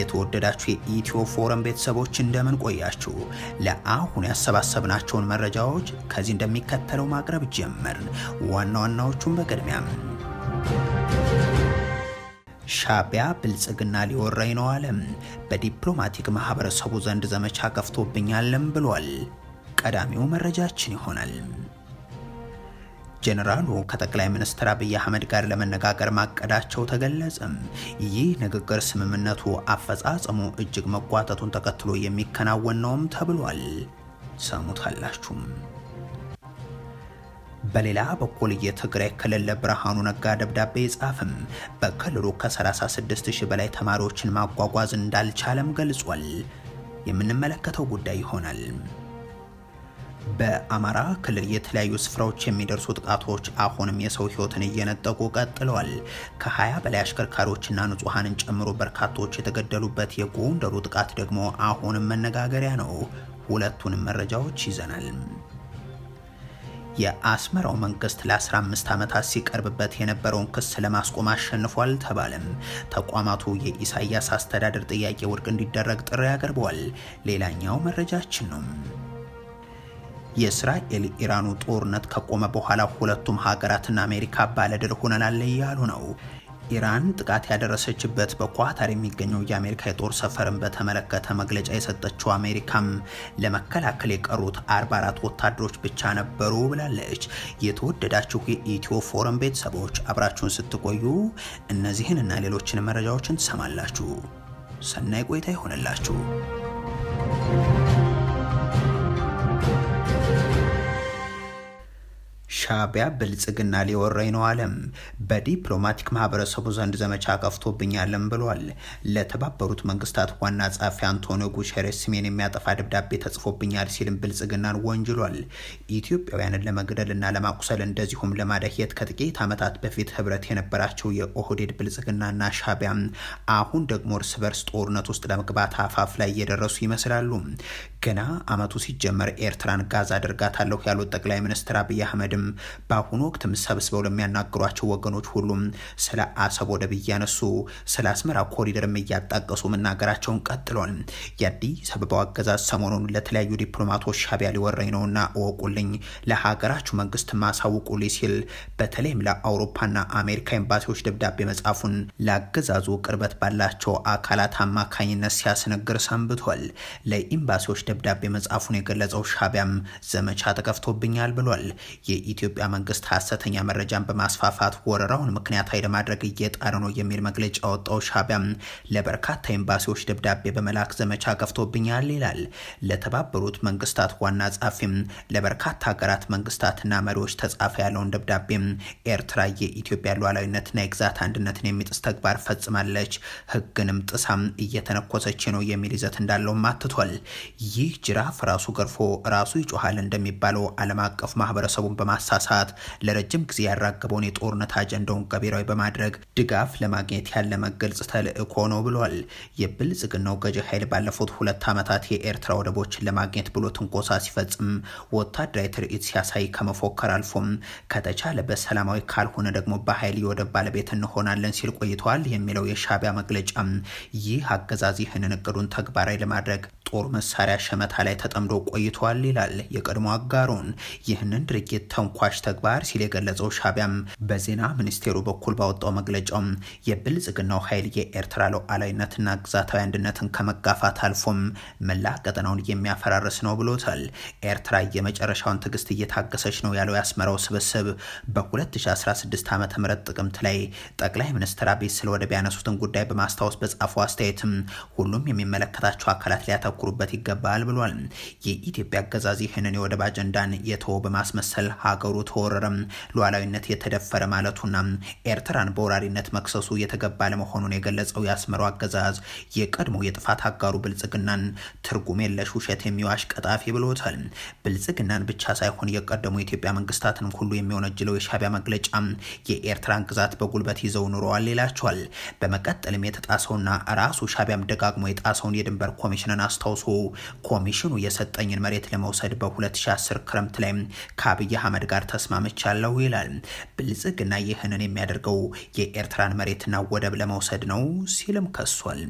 የተወደዳችሁ የኢትዮ ፎረም ቤተሰቦች እንደምን ቆያችሁ? ለአሁን ያሰባሰብናቸውን መረጃዎች ከዚህ እንደሚከተለው ማቅረብ ጀመር። ዋና ዋናዎቹን በቅድሚያም ሻቢያ ብልጽግና ሊወረኝ ነው አለም። በዲፕሎማቲክ ማህበረሰቡ ዘንድ ዘመቻ ከፍቶብኛለም ብሏል። ቀዳሚው መረጃችን ይሆናል። ጀነራሉ ከጠቅላይ ሚኒስትር አብይ አህመድ ጋር ለመነጋገር ማቀዳቸው ተገለጸም። ይህ ንግግር ስምምነቱ አፈጻጸሙ እጅግ መጓተቱን ተከትሎ የሚከናወን ነውም ተብሏል። ሰሙታላችሁም። በሌላ በኩል የትግራይ ክልል ለብርሃኑ ነጋ ደብዳቤ ይጻፍም። በክልሉ ከ36 ሺህ በላይ ተማሪዎችን ማጓጓዝ እንዳልቻለም ገልጿል። የምንመለከተው ጉዳይ ይሆናል። በአማራ ክልል የተለያዩ ስፍራዎች የሚደርሱ ጥቃቶች አሁንም የሰው ህይወትን እየነጠቁ ቀጥለዋል። ከ20 በላይ አሽከርካሪዎችና ንጹሐንን ጨምሮ በርካቶች የተገደሉበት የጎንደሩ ጥቃት ደግሞ አሁንም መነጋገሪያ ነው። ሁለቱንም መረጃዎች ይዘናል። የአስመራው መንግስት ለ15 ዓመታት ሲቀርብበት የነበረውን ክስ ለማስቆም አሸንፏል ተባለም። ተቋማቱ የኢሳያስ አስተዳደር ጥያቄ ውድቅ እንዲደረግ ጥሪ አቅርበዋል። ሌላኛው መረጃችን ነው። የእስራኤል ኢራኑ ጦርነት ከቆመ በኋላ ሁለቱም ሀገራትና አሜሪካ ባለድል ሆነናል እያሉ ነው። ኢራን ጥቃት ያደረሰችበት በኳታር የሚገኘው የአሜሪካ የጦር ሰፈርን በተመለከተ መግለጫ የሰጠችው አሜሪካም ለመከላከል የቀሩት 44 ወታደሮች ብቻ ነበሩ ብላለች። የተወደዳችሁ የኢትዮ ፎረም ቤተሰቦች አብራችሁን ስትቆዩ እነዚህን እና ሌሎችን መረጃዎችን ትሰማላችሁ። ሰናይ ቆይታ ይሆንላችሁ። ሻቢያ ብልጽግና ሊወረኝ ነው አለም። በዲፕሎማቲክ ማህበረሰቡ ዘንድ ዘመቻ ከፍቶብኛለም ብሏል። ለተባበሩት መንግስታት ዋና ጸሐፊ አንቶኒዮ ጉሸሬስ ስሜን የሚያጠፋ ደብዳቤ ተጽፎብኛል ሲልም ብልጽግናን ወንጅሏል። ኢትዮጵያውያንን ለመግደልና ለማቁሰል እንደዚሁም ለማዳየት ከጥቂት ዓመታት በፊት ህብረት የነበራቸው የኦህዴድ ብልጽግናና ሻቢያ አሁን ደግሞ እርስ በርስ ጦርነት ውስጥ ለመግባት አፋፍ ላይ እየደረሱ ይመስላሉ። ገና አመቱ ሲጀመር ኤርትራን ጋዛ አድርጋታለሁ ያሉት ጠቅላይ ሚኒስትር አብይ አህመድም በአሁኑ ወቅትም ሰብስበው ለሚያናግሯቸው ወገኖች ሁሉም ስለ አሰብ ወደብ እያነሱ ስለ አስመራ ኮሪደርም እያጣቀሱ መናገራቸውን ቀጥሏል። የአዲስ አበባው አገዛዝ ሰሞኑን ለተለያዩ ዲፕሎማቶች ሻቢያ ሊወረኝ ነውና እወቁልኝ፣ ለሀገራችሁ መንግስት ማሳውቁልኝ ሲል በተለይም ለአውሮፓና አሜሪካ ኤምባሲዎች ደብዳቤ መጻፉን ለአገዛዙ ቅርበት ባላቸው አካላት አማካኝነት ሲያስነግር ሰንብቷል። ለኤምባሲዎች ደብዳቤ መጻፉን የገለጸው ሻቢያም ዘመቻ ተከፍቶብኛል ብሏል። የኢትዮ የኢትዮጵያ መንግስት ሀሰተኛ መረጃን በማስፋፋት ወረራውን ምክንያታዊ ለማድረግ እየጣረ ነው የሚል መግለጫ ያወጣው ሻቢያ ለበርካታ ኤምባሲዎች ደብዳቤ በመላክ ዘመቻ ከፍቶብኛል ይላል። ለተባበሩት መንግስታት ዋና ጸሐፊም ለበርካታ ሀገራት መንግስታትና መሪዎች ተጻፈ ያለውን ደብዳቤም ኤርትራ የኢትዮጵያ ሉዓላዊነትና የግዛት አንድነትን የሚጥስ ተግባር ፈጽማለች፣ ህግንም ጥሳም እየተነኮሰች ነው የሚል ይዘት እንዳለውም አትቷል። ይህ ጅራፍ ራሱ ገርፎ ራሱ ይጮሃል እንደሚባለው ዓለም አቀፍ ማህበረሰቡን በማሳ በማጣሳት ለረጅም ጊዜ ያራገበውን የጦርነት አጀንዳውን ገቢራዊ በማድረግ ድጋፍ ለማግኘት ያለመ ግልጽ ተልእኮ ነው ብሏል። የብልጽግናው ገዢ ኃይል ባለፉት ሁለት ዓመታት የኤርትራ ወደቦችን ለማግኘት ብሎ ትንኮሳ ሲፈጽም፣ ወታደራዊ ትርኢት ሲያሳይ ከመፎከር አልፎም ከተቻለ በሰላማዊ ካልሆነ ደግሞ በኃይል የወደብ ባለቤት እንሆናለን ሲል ቆይተዋል የሚለው የሻቢያ መግለጫ ይህ አገዛዝ ይህንን እቅዱን ተግባራዊ ለማድረግ ጦር መሳሪያ ሸመታ ላይ ተጠምዶ ቆይተዋል ይላል የቀድሞ አጋሩን ይህንን ድርጊት ተንኳ አስኳሽ ተግባር ሲል የገለጸው ሻቢያም በዜና ሚኒስቴሩ በኩል ባወጣው መግለጫውም የብልጽግናው ኃይል የኤርትራ ሉዓላዊነትና ግዛታዊ አንድነትን ከመጋፋት አልፎም መላ ቀጠናውን የሚያፈራርስ ነው ብሎታል። ኤርትራ የመጨረሻውን ትዕግስት እየታገሰች ነው ያለው የአስመራው ስብስብ በ2016 ዓ ም ጥቅምት ላይ ጠቅላይ ሚኒስትር አብይ ስለ ወደብ ያነሱትን ጉዳይ በማስታወስ በጻፈው አስተያየትም ሁሉም የሚመለከታቸው አካላት ሊያተኩሩበት ይገባል ብሏል። የኢትዮጵያ አገዛዝ ይህንን የወደብ አጀንዳን የተወ በማስመሰል ሀገ ሀገሩ ተወረረም ሉዓላዊነት የተደፈረ ማለቱና ኤርትራን በወራሪነት መክሰሱ የተገባ ለመሆኑን የገለጸው የአስመራው አገዛዝ የቀድሞ የጥፋት አጋሩ ብልጽግናን ትርጉም የለሽ ውሸት የሚዋሽ ቀጣፊ ብሎታል። ብልጽግናን ብቻ ሳይሆን የቀደሙ የኢትዮጵያ መንግስታትንም ሁሉ የሚወነጅለው የሻቢያ መግለጫ የኤርትራን ግዛት በጉልበት ይዘው ኑረዋል ይላቸዋል። በመቀጠልም የተጣሰውና ራሱ ሻቢያም ደጋግሞ የጣሰውን የድንበር ኮሚሽንን አስታውሶ ኮሚሽኑ የሰጠኝን መሬት ለመውሰድ በ2010 ክረምት ላይ ከአብይ አህመድ ጋር ጋር ተስማምቻለሁ ይላል። ብልጽግና ይህንን የሚያደርገው የኤርትራን መሬትና ወደብ ለመውሰድ ነው ሲልም ከሷል።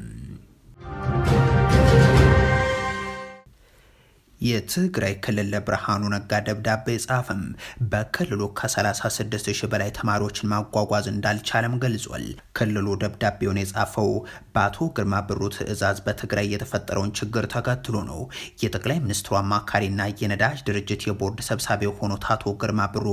የትግራይ ክልል ለብርሃኑ ነጋ ደብዳቤ ጻፈም። በክልሉ ከ36 ሺህ በላይ ተማሪዎችን ማጓጓዝ እንዳልቻለም ገልጿል። ክልሉ ደብዳቤውን የጻፈው በአቶ ግርማ ብሩ ትዕዛዝ በትግራይ የተፈጠረውን ችግር ተከትሎ ነው። የጠቅላይ ሚኒስትሩ አማካሪና የነዳጅ ድርጅት የቦርድ ሰብሳቢ የሆኑት አቶ ግርማ ብሩ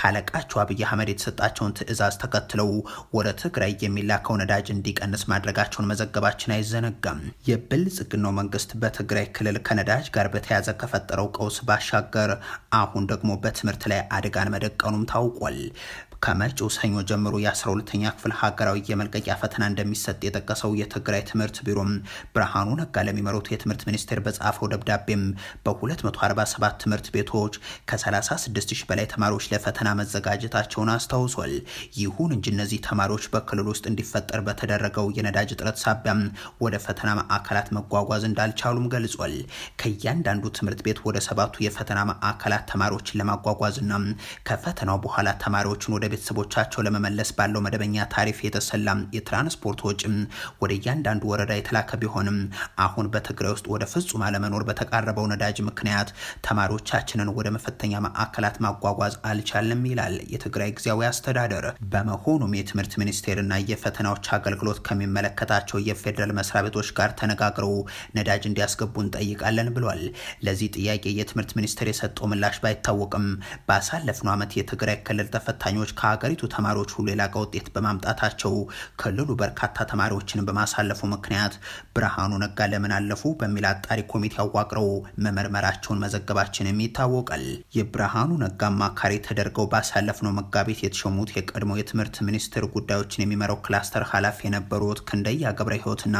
ካለቃቸው አብይ አህመድ የተሰጣቸውን ትዕዛዝ ተከትለው ወደ ትግራይ የሚላከው ነዳጅ እንዲቀንስ ማድረጋቸውን መዘገባችን አይዘነጋም። የብልጽግናው መንግስት በትግራይ ክልል ከነዳጅ ጋር በተያ። በተያያዘ ከፈጠረው ቀውስ ባሻገር አሁን ደግሞ በትምህርት ላይ አደጋን መደቀኑም ታውቋል። ከመጪው ሰኞ ጀምሮ የ12ተኛ ክፍል ሀገራዊ የመልቀቂያ ፈተና እንደሚሰጥ የጠቀሰው የትግራይ ትምህርት ቢሮም ብርሃኑ ነጋ ለሚመሩት የትምህርት ሚኒስቴር በጻፈው ደብዳቤም በ247 ትምህርት ቤቶች ከ36 ሺህ በላይ ተማሪዎች ለፈተና መዘጋጀታቸውን አስታውሷል። ይሁን እንጂ እነዚህ ተማሪዎች በክልል ውስጥ እንዲፈጠር በተደረገው የነዳጅ እጥረት ሳቢያም ወደ ፈተና ማዕከላት መጓጓዝ እንዳልቻሉም ገልጿል። ከእያንዳንዱ ትምህርት ቤት ወደ ሰባቱ የፈተና ማዕከላት ተማሪዎችን ለማጓጓዝና ከፈተናው በኋላ ተማሪዎችን ወደ ወደ ቤተሰቦቻቸው ለመመለስ ባለው መደበኛ ታሪፍ የተሰላ የትራንስፖርት ወጪም ወደ እያንዳንዱ ወረዳ የተላከ ቢሆንም አሁን በትግራይ ውስጥ ወደ ፍጹም አለመኖር በተቃረበው ነዳጅ ምክንያት ተማሪዎቻችንን ወደ መፈተኛ ማዕከላት ማጓጓዝ አልቻለም ይላል የትግራይ ጊዜያዊ አስተዳደር። በመሆኑም የትምህርት ሚኒስቴርና የፈተናዎች አገልግሎት ከሚመለከታቸው የፌዴራል መስሪያ ቤቶች ጋር ተነጋግረው ነዳጅ እንዲያስገቡ እንጠይቃለን ብሏል። ለዚህ ጥያቄ የትምህርት ሚኒስቴር የሰጠው ምላሽ ባይታወቅም ባሳለፍነው ዓመት የትግራይ ክልል ተፈታኞች ከሀገሪቱ ተማሪዎች ሁሉ የላቀ ውጤት በማምጣታቸው ክልሉ በርካታ ተማሪዎችን በማሳለፉ ምክንያት ብርሃኑ ነጋ ለምን አለፉ በሚል አጣሪ ኮሚቴ አዋቅረው መመርመራቸውን መዘገባችንም ይታወቃል። የብርሃኑ ነጋ አማካሪ ተደርገው ባሳለፍነው መጋቢት የተሾሙት የቀድሞ የትምህርት ሚኒስትር ጉዳዮችን የሚመራው ክላስተር ኃላፊ የነበሩት ክንደያ ገብረ ህይወትና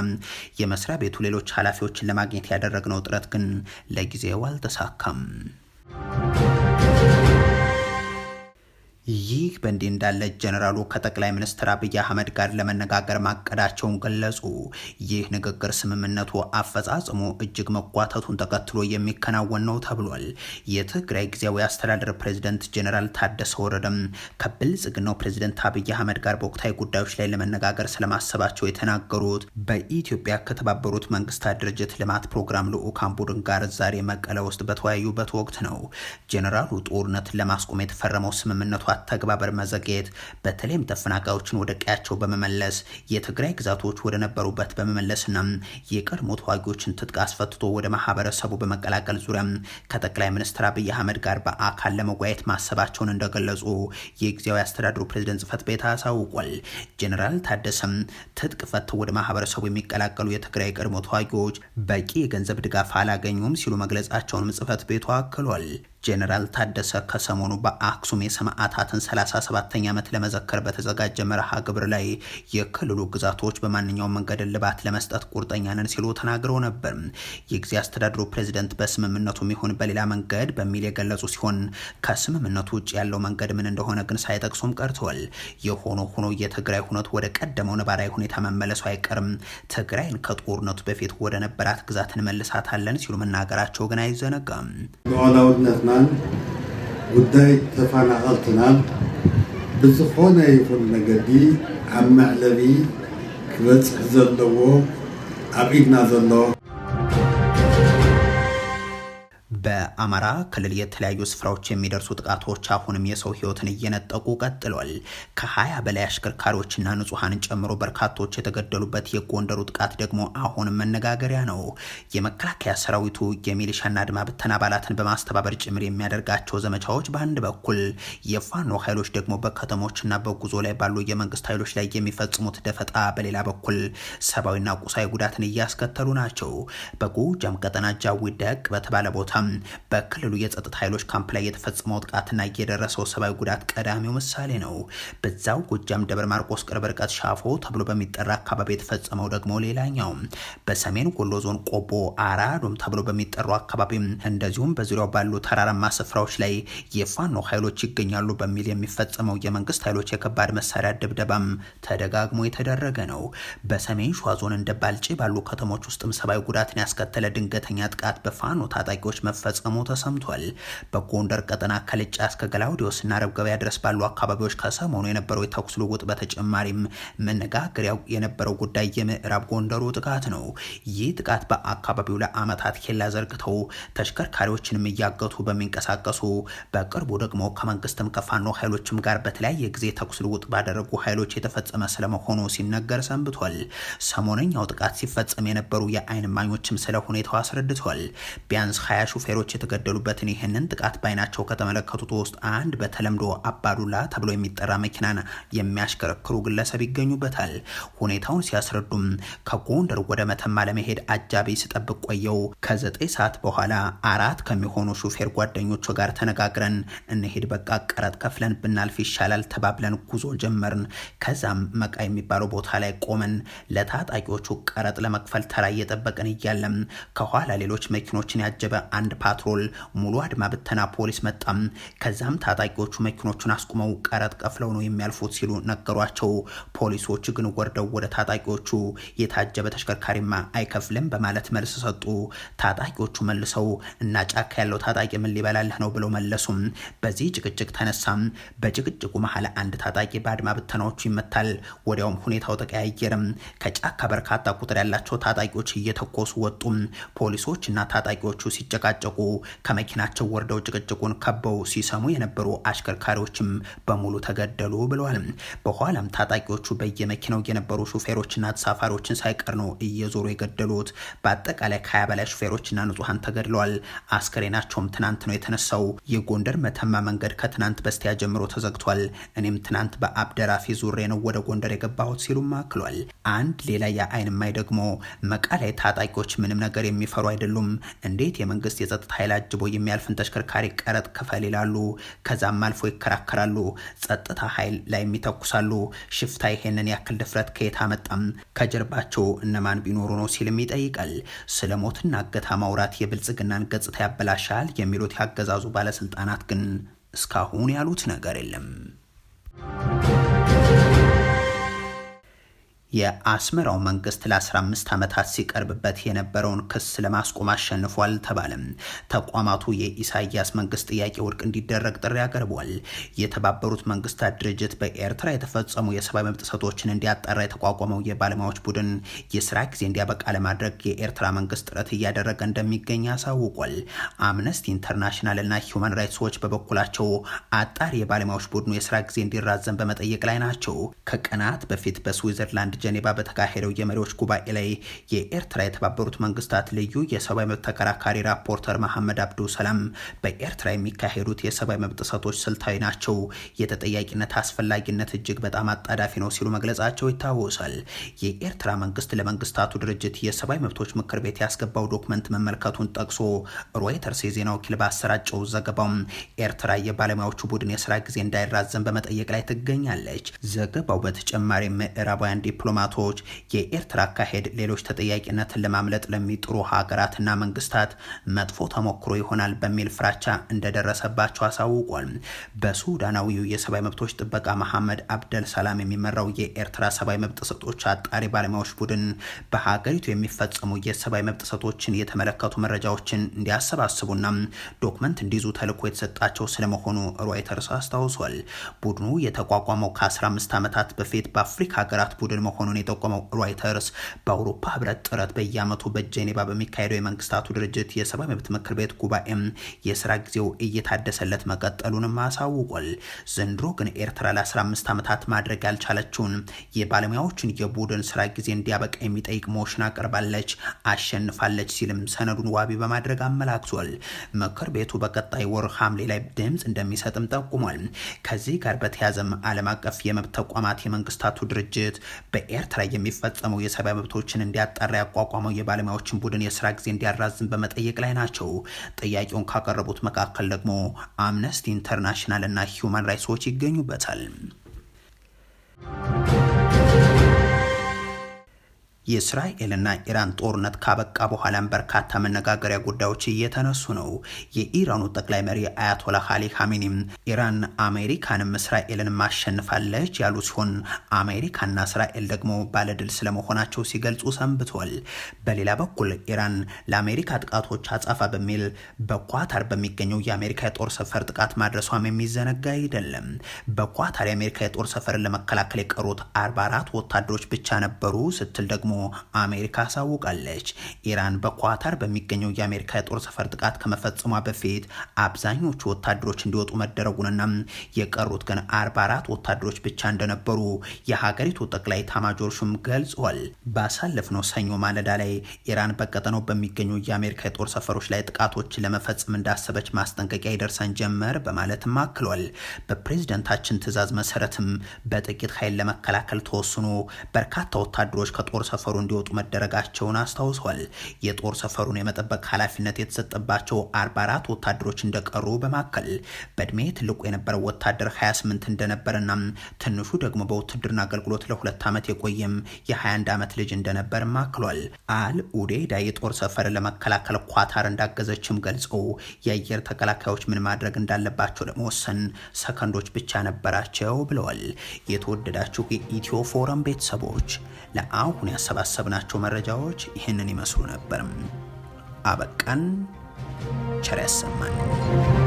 የመስሪያ ቤቱ ሌሎች ኃላፊዎችን ለማግኘት ያደረግነው ጥረት ግን ለጊዜው አልተሳካም። ይህ በእንዲህ እንዳለ ጀኔራሉ ከጠቅላይ ሚኒስትር አብይ አህመድ ጋር ለመነጋገር ማቀዳቸውን ገለጹ። ይህ ንግግር ስምምነቱ አፈጻጽሙ እጅግ መጓተቱን ተከትሎ የሚከናወን ነው ተብሏል። የትግራይ ጊዜያዊ አስተዳደር ፕሬዚደንት ጀኔራል ታደሰ ወረደም ከብልጽግናው ፕሬዚደንት አብይ አህመድ ጋር በወቅታዊ ጉዳዮች ላይ ለመነጋገር ስለማሰባቸው የተናገሩት በኢትዮጵያ ከተባበሩት መንግስታት ድርጅት ልማት ፕሮግራም ልዑካን ቡድን ጋር ዛሬ መቀለ ውስጥ በተወያዩበት ወቅት ነው። ጀኔራሉ ጦርነት ለማስቆም የተፈረመው ስምምነቱ አተግባበር መዘግየት በተለይም ተፈናቃዮችን ወደ ቀያቸው በመመለስ የትግራይ ግዛቶች ወደ ነበሩበት በመመለስና የቀድሞ ተዋጊዎችን ትጥቅ አስፈትቶ ወደ ማህበረሰቡ በመቀላቀል ዙሪያ ከጠቅላይ ሚኒስትር አብይ አህመድ ጋር በአካል ለመወያየት ማሰባቸውን እንደገለጹ የጊዜያዊ አስተዳደሩ ፕሬዚደንት ጽህፈት ቤት አሳውቋል። ጀኔራል ታደሰም ትጥቅ ፈትተው ወደ ማህበረሰቡ የሚቀላቀሉ የትግራይ ቀድሞ ተዋጊዎች በቂ የገንዘብ ድጋፍ አላገኙም ሲሉ መግለጻቸውንም ጽህፈት ቤቱ አክሏል። ጄኔራል ታደሰ ከሰሞኑ በአክሱም የሰማዕታትን 37ኛ ዓመት ለመዘከር በተዘጋጀ መርሃ ግብር ላይ የክልሉ ግዛቶች በማንኛውም መንገድ እልባት ለመስጠት ቁርጠኛ ነን ሲሉ ተናግረው ነበር። የጊዜ አስተዳድሩ ፕሬዚደንት በስምምነቱም ይሁን በሌላ መንገድ በሚል የገለጹ ሲሆን ከስምምነቱ ውጭ ያለው መንገድ ምን እንደሆነ ግን ሳይጠቅሱም ቀርተዋል። የሆኖ ሆኖ የትግራይ ሁነት ወደ ቀደመው ነባራዊ ሁኔታ መመለሱ አይቀርም፣ ትግራይን ከጦርነቱ በፊት ወደ ነበራት ግዛት እንመልሳታለን ሲሉ መናገራቸው ግን አይዘነጋም። ተዋሒድናን ጉዳይ ተፈናቐልትናን ብዝኾነ ይኹን መገዲ ኣብ መዕለቢ ክበፅሕ ዘለዎ ኣብ ኢድና ዘሎ በአማራ ክልል የተለያዩ ስፍራዎች የሚደርሱ ጥቃቶች አሁንም የሰው ህይወትን እየነጠቁ ቀጥሏል። ከ20 በላይ አሽከርካሪዎችና ንጹሐንን ጨምሮ በርካቶች የተገደሉበት የጎንደሩ ጥቃት ደግሞ አሁንም መነጋገሪያ ነው። የመከላከያ ሰራዊቱ የሚሊሻና አድማ ብተና አባላትን በማስተባበር ጭምር የሚያደርጋቸው ዘመቻዎች በአንድ በኩል፣ የፋኖ ኃይሎች ደግሞ በከተሞችና በጉዞ ላይ ባሉ የመንግስት ኃይሎች ላይ የሚፈጽሙት ደፈጣ በሌላ በኩል ሰብአዊና ቁሳዊ ጉዳትን እያስከተሉ ናቸው። በጎጃም ቀጠና ጃዊ ደቅ በተባለ ቦታም በክልሉ የጸጥታ ኃይሎች ካምፕ ላይ የተፈጸመው ጥቃትና የደረሰው ሰብአዊ ጉዳት ቀዳሚው ምሳሌ ነው። በዛው ጎጃም ደብረ ማርቆስ ቅርብ ርቀት ሻፎ ተብሎ በሚጠራ አካባቢ የተፈጸመው ደግሞ ሌላኛው። በሰሜን ወሎ ዞን ቆቦ አራዶም ተብሎ በሚጠራው አካባቢ እንደዚሁም በዙሪያው ባሉ ተራራማ ስፍራዎች ላይ የፋኖ ኃይሎች ይገኛሉ በሚል የሚፈጸመው የመንግስት ኃይሎች የከባድ መሳሪያ ድብደባም ተደጋግሞ የተደረገ ነው። በሰሜን ሸዋ ዞን እንደ ባልጭ ባሉ ከተሞች ውስጥም ሰብአዊ ጉዳትን ያስከተለ ድንገተኛ ጥቃት በፋኖ ታጣቂዎች መፈጸም መፈጸሙ ተሰምቷል። በጎንደር ቀጠና ከልጫ እስከ ገላውዲዮስና ረብ ገበያ ድረስ ባሉ አካባቢዎች ከሰሞኑ የነበረው የተኩስ ልውውጥ በተጨማሪም መነጋገሪያው የነበረው ጉዳይ የምዕራብ ጎንደሩ ጥቃት ነው። ይህ ጥቃት በአካባቢው ለአመታት ኬላ ዘርግተው ተሽከርካሪዎችንም እያገቱ በሚንቀሳቀሱ በቅርቡ ደግሞ ከመንግስትም ከፋኖ ኃይሎችም ጋር በተለያየ ጊዜ ተኩስ ልውውጥ ባደረጉ ኃይሎች የተፈጸመ ስለመሆኑ ሲነገር ሰንብቷል። ሰሞነኛው ጥቃት ሲፈጸም የነበሩ የአይን ማኞችም ስለ ሁኔታው አስረድቷል። ቢያንስ ሀያ ሹፌሮች የተገደሉበትን ይህንን ጥቃት ባይናቸው ከተመለከቱት ውስጥ አንድ በተለምዶ አባዱላ ተብሎ የሚጠራ መኪናን የሚያሽከረክሩ ግለሰብ ይገኙበታል። ሁኔታውን ሲያስረዱም ከጎንደር ወደ መተማ ለመሄድ አጃቢ ስጠብቅ ቆየው። ከዘጠኝ ሰዓት በኋላ አራት ከሚሆኑ ሹፌር ጓደኞቹ ጋር ተነጋግረን እንሄድ በቃ ቀረጥ ከፍለን ብናልፍ ይሻላል ተባብለን ጉዞ ጀመርን። ከዛም መቃ የሚባለው ቦታ ላይ ቆመን ለታጣቂዎቹ ቀረጥ ለመክፈል ተራ እየጠበቅን እያለም ከኋላ ሌሎች መኪኖችን ያጀበ አንድ ፓትሮ ፓትሮል ሙሉ አድማ ብተና ፖሊስ መጣም። ከዛም ታጣቂዎቹ መኪኖቹን አስቁመው ቀረጥ ከፍለው ነው የሚያልፉት ሲሉ ነገሯቸው። ፖሊሶች ግን ወርደው ወደ ታጣቂዎቹ የታጀበ ተሽከርካሪማ አይከፍልም በማለት መልስ ሰጡ። ታጣቂዎቹ መልሰው እና ጫካ ያለው ታጣቂ ምን ሊበላልህ ነው ብለው መለሱም። በዚህ ጭቅጭቅ ተነሳም። በጭቅጭቁ መሀል አንድ ታጣቂ በአድማ ብተናዎቹ ይመታል። ወዲያውም ሁኔታው ተቀያየርም። ከጫካ በርካታ ቁጥር ያላቸው ታጣቂዎች እየተኮሱ ወጡም። ፖሊሶች እና ታጣቂዎቹ ሲጨቃጨቁ ከመኪናቸው ወርደው ጭቅጭቁን ከበው ሲሰሙ የነበሩ አሽከርካሪዎችም በሙሉ ተገደሉ ብለዋል። በኋላም ታጣቂዎቹ በየመኪናው የነበሩ ሹፌሮችና ተሳፋሪዎችን ሳይቀር ነው እየዞሩ የገደሉት። በአጠቃላይ ከሀያ በላይ ሹፌሮችና ንጹሐን ተገድለዋል። አስከሬናቸውም ትናንት ነው የተነሳው። የጎንደር መተማ መንገድ ከትናንት በስቲያ ጀምሮ ተዘግቷል። እኔም ትናንት በአብደራፊ ዙሬ ነው ወደ ጎንደር የገባሁት ሲሉም አክሏል። አንድ ሌላ የአይንማይ ደግሞ መቃላይ ታጣቂዎች ምንም ነገር የሚፈሩ አይደሉም፣ እንዴት የመንግስት የጸጥታ ኃይል አጅቦ የሚያልፍን ተሽከርካሪ ቀረጥ ክፈል ይላሉ። ከዛም አልፎ ይከራከራሉ። ጸጥታ ኃይል ላይ የሚተኩሳሉ። ሽፍታ ይሄንን ያክል ድፍረት ከየት አመጣም? ከጀርባቸው እነማን ቢኖሩ ነው ሲልም ይጠይቃል። ስለ ሞትና እገታ ማውራት የብልጽግናን ገጽታ ያበላሻል የሚሉት ያገዛዙ ባለስልጣናት ግን እስካሁን ያሉት ነገር የለም። የአስመራው መንግስት ለ15 ዓመታት ሲቀርብበት የነበረውን ክስ ለማስቆም አሸንፏል ተባለም። ተቋማቱ የኢሳያስ መንግስት ጥያቄ ውድቅ እንዲደረግ ጥሪ አቅርቧል። የተባበሩት መንግስታት ድርጅት በኤርትራ የተፈጸሙ የሰብአዊ መብት ጥሰቶችን እንዲያጠራ የተቋቋመው የባለሙያዎች ቡድን የስራ ጊዜ እንዲያበቃ ለማድረግ የኤርትራ መንግስት ጥረት እያደረገ እንደሚገኝ አሳውቋል። አምነስቲ ኢንተርናሽናል እና ሂውማን ራይትስ ዎች በበኩላቸው አጣሪ የባለሙያዎች ቡድኑ የስራ ጊዜ እንዲራዘም በመጠየቅ ላይ ናቸው። ከቀናት በፊት በስዊዘርላንድ ጀኔባ በተካሄደው የመሪዎች ጉባኤ ላይ የኤርትራ የተባበሩት መንግስታት ልዩ የሰብአዊ መብት ተከራካሪ ራፖርተር መሐመድ አብዱ ሰላም በኤርትራ የሚካሄዱት የሰብአዊ መብት ጥሰቶች ስልታዊ ናቸው፣ የተጠያቂነት አስፈላጊነት እጅግ በጣም አጣዳፊ ነው ሲሉ መግለጻቸው ይታወሳል። የኤርትራ መንግስት ለመንግስታቱ ድርጅት የሰብአዊ መብቶች ምክር ቤት ያስገባው ዶክመንት መመልከቱን ጠቅሶ ሮይተርስ የዜና ወኪል ባሰራጨው ዘገባው ኤርትራ የባለሙያዎቹ ቡድን የስራ ጊዜ እንዳይራዘም በመጠየቅ ላይ ትገኛለች። ዘገባው በተጨማሪ ምዕራባውያን ዲፕሎ ዲፕሎማቶች የኤርትራ አካሄድ ሌሎች ተጠያቂነትን ለማምለጥ ለሚጥሩ ሀገራትና መንግስታት መጥፎ ተሞክሮ ይሆናል በሚል ፍራቻ እንደደረሰባቸው አሳውቋል። በሱዳናዊው የሰብአዊ መብቶች ጥበቃ መሐመድ አብደል ሰላም የሚመራው የኤርትራ ሰብአዊ መብት ጥሰቶች አጣሪ ባለሙያዎች ቡድን በሀገሪቱ የሚፈጸሙ የሰብአዊ መብት ጥሰቶችን የተመለከቱ መረጃዎችን እንዲያሰባስቡና ዶክመንት እንዲይዙ ተልኮ የተሰጣቸው ስለመሆኑ ሮይተርስ አስታውሷል። ቡድኑ የተቋቋመው ከ15 ዓመታት በፊት በአፍሪካ ሀገራት ቡድን መሆኑን የጠቆመው ሮይተርስ በአውሮፓ ህብረት ጥረት በየአመቱ በጄኔቫ በሚካሄደው የመንግስታቱ ድርጅት የሰብአዊ መብት ምክር ቤት ጉባኤም የስራ ጊዜው እየታደሰለት መቀጠሉንም አሳውቋል። ዘንድሮ ግን ኤርትራ ለ15 ዓመታት ማድረግ ያልቻለችውን የባለሙያዎችን የቡድን ስራ ጊዜ እንዲያበቃ የሚጠይቅ ሞሽን አቅርባለች፣ አሸንፋለች ሲልም ሰነዱን ዋቢ በማድረግ አመላክቷል። ምክር ቤቱ በቀጣይ ወር ሐምሌ ላይ ድምፅ እንደሚሰጥም ጠቁሟል። ከዚህ ጋር በተያያዘም ዓለም አቀፍ የመብት ተቋማት የመንግስታቱ ድርጅት በ በኤርትራ የሚፈጸመው የሰብአዊ መብቶችን እንዲያጣራ ያቋቋመው የባለሙያዎችን ቡድን የስራ ጊዜ እንዲያራዝም በመጠየቅ ላይ ናቸው። ጥያቄውን ካቀረቡት መካከል ደግሞ አምነስቲ ኢንተርናሽናል እና ሂዩማን ራይትስ ዎች ይገኙበታል። የእስራኤልና ኢራን ጦርነት ካበቃ በኋላም በርካታ መነጋገሪያ ጉዳዮች እየተነሱ ነው። የኢራኑ ጠቅላይ መሪ አያቶላ ሀሊ ሀሚኒም ኢራን አሜሪካንም እስራኤልን ማሸንፋለች ያሉ ሲሆን አሜሪካና እስራኤል ደግሞ ባለድል ስለመሆናቸው ሲገልጹ ሰንብቷል። በሌላ በኩል ኢራን ለአሜሪካ ጥቃቶች አጻፋ በሚል በኳታር በሚገኘው የአሜሪካ የጦር ሰፈር ጥቃት ማድረሷም የሚዘነጋ አይደለም። በኳታር የአሜሪካ የጦር ሰፈርን ለመከላከል የቀሩት 44 ወታደሮች ብቻ ነበሩ ስትል ደግሞ አሜሪካ አሳውቃለች። ኢራን በኳታር በሚገኘው የአሜሪካ የጦር ሰፈር ጥቃት ከመፈጸሟ በፊት አብዛኞቹ ወታደሮች እንዲወጡ መደረጉንና የቀሩት ግን 44 ወታደሮች ብቻ እንደነበሩ የሀገሪቱ ጠቅላይ ኤታማዦር ሹም ገልጿል። ባሳለፍነው ሰኞ ማለዳ ላይ ኢራን በቀጠናው በሚገኙ የአሜሪካ የጦር ሰፈሮች ላይ ጥቃቶችን ለመፈጸም እንዳሰበች ማስጠንቀቂያ ይደርሰን ጀመር በማለትም አክሏል። በፕሬዝደንታችን ትእዛዝ መሰረትም በጥቂት ኃይል ለመከላከል ተወስኖ በርካታ ወታደሮች ከጦር ሰፈ ሰፈሩ እንዲወጡ መደረጋቸውን አስታውሷል። የጦር ሰፈሩን የመጠበቅ ኃላፊነት የተሰጠባቸው 44 ወታደሮች እንደቀሩ በማከል በእድሜ ትልቁ የነበረው ወታደር 28 እንደነበርና ትንሹ ደግሞ በውትድርና አገልግሎት ለሁለት ዓመት የቆየም የ21 ዓመት ልጅ እንደነበር ማክሏል። አል ኡዴዳ የጦር ሰፈር ለመከላከል ኳታር እንዳገዘችም ገልጸው የአየር ተከላካዮች ምን ማድረግ እንዳለባቸው ለመወሰን ሰከንዶች ብቻ ነበራቸው ብለዋል። የተወደዳችሁ የኢትዮ ፎረም ቤተሰቦች ለአሁን ያሰ ያሰባሰብናቸው መረጃዎች ይህንን ይመስሉ ነበርም። አበቃን። ቸር ያሰማን።